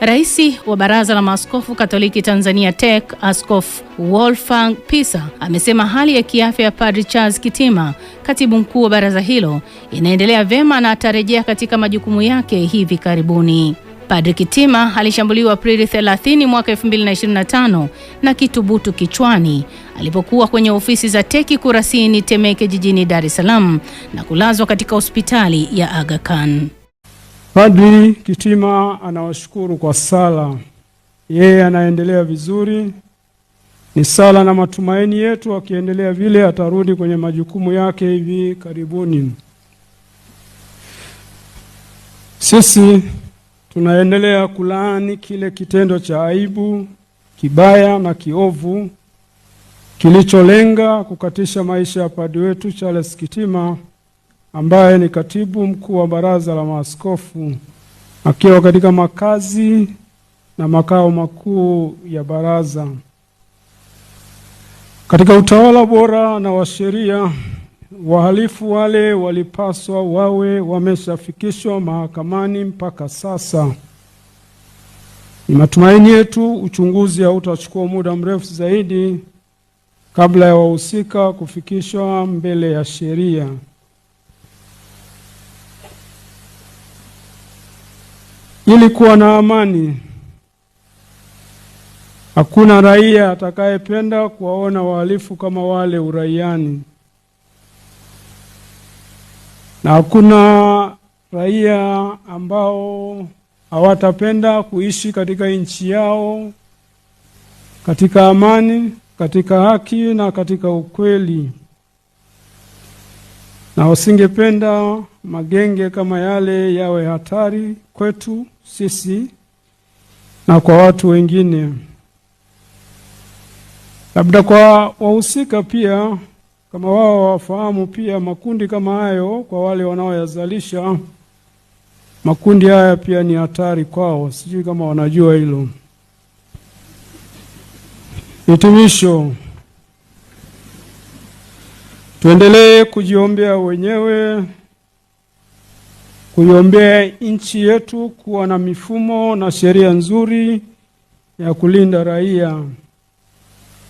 Raisi wa Baraza la Maaskofu Katoliki Tanzania TEC Askofu Wolfgang Pisa amesema hali ya kiafya ya Padri Charles Kitima, katibu mkuu wa baraza hilo, inaendelea vyema na atarejea katika majukumu yake hivi karibuni. Padri Kitima alishambuliwa Aprili 30 mwaka 2025 na kitubutu kichwani alipokuwa kwenye ofisi za teki Kurasini, Temeke, jijini Dar es Salaam na kulazwa katika hospitali ya Aga Khan. Padri Kitima anawashukuru kwa sala, yeye anaendelea vizuri. Ni sala na matumaini yetu akiendelea vile atarudi kwenye majukumu yake hivi karibuni. Sisi tunaendelea kulaani kile kitendo cha aibu kibaya na kiovu kilicholenga kukatisha maisha ya padri wetu Charles Kitima ambaye ni katibu mkuu wa baraza la maaskofu akiwa katika makazi na makao makuu ya baraza. Katika utawala bora na wa sheria, wahalifu wale walipaswa wawe wameshafikishwa mahakamani mpaka sasa. Ni matumaini yetu uchunguzi hautachukua muda mrefu zaidi kabla ya wahusika kufikishwa mbele ya sheria. Ili kuwa na amani, hakuna raia atakayependa kuwaona wahalifu kama wale uraiani, na hakuna raia ambao hawatapenda kuishi katika nchi yao katika amani, katika haki na katika ukweli, na wasingependa magenge kama yale yawe hatari kwetu sisi na kwa watu wengine. Labda kwa wahusika pia, kama wao wafahamu pia makundi kama hayo, kwa wale wanaoyazalisha makundi haya pia ni hatari kwao, sijui kama wanajua hilo. Hitimisho, tuendelee kujiombea wenyewe kuiombea nchi yetu kuwa na mifumo na sheria nzuri ya kulinda raia,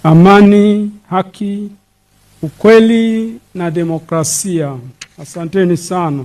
amani, haki, ukweli na demokrasia. Asanteni sana.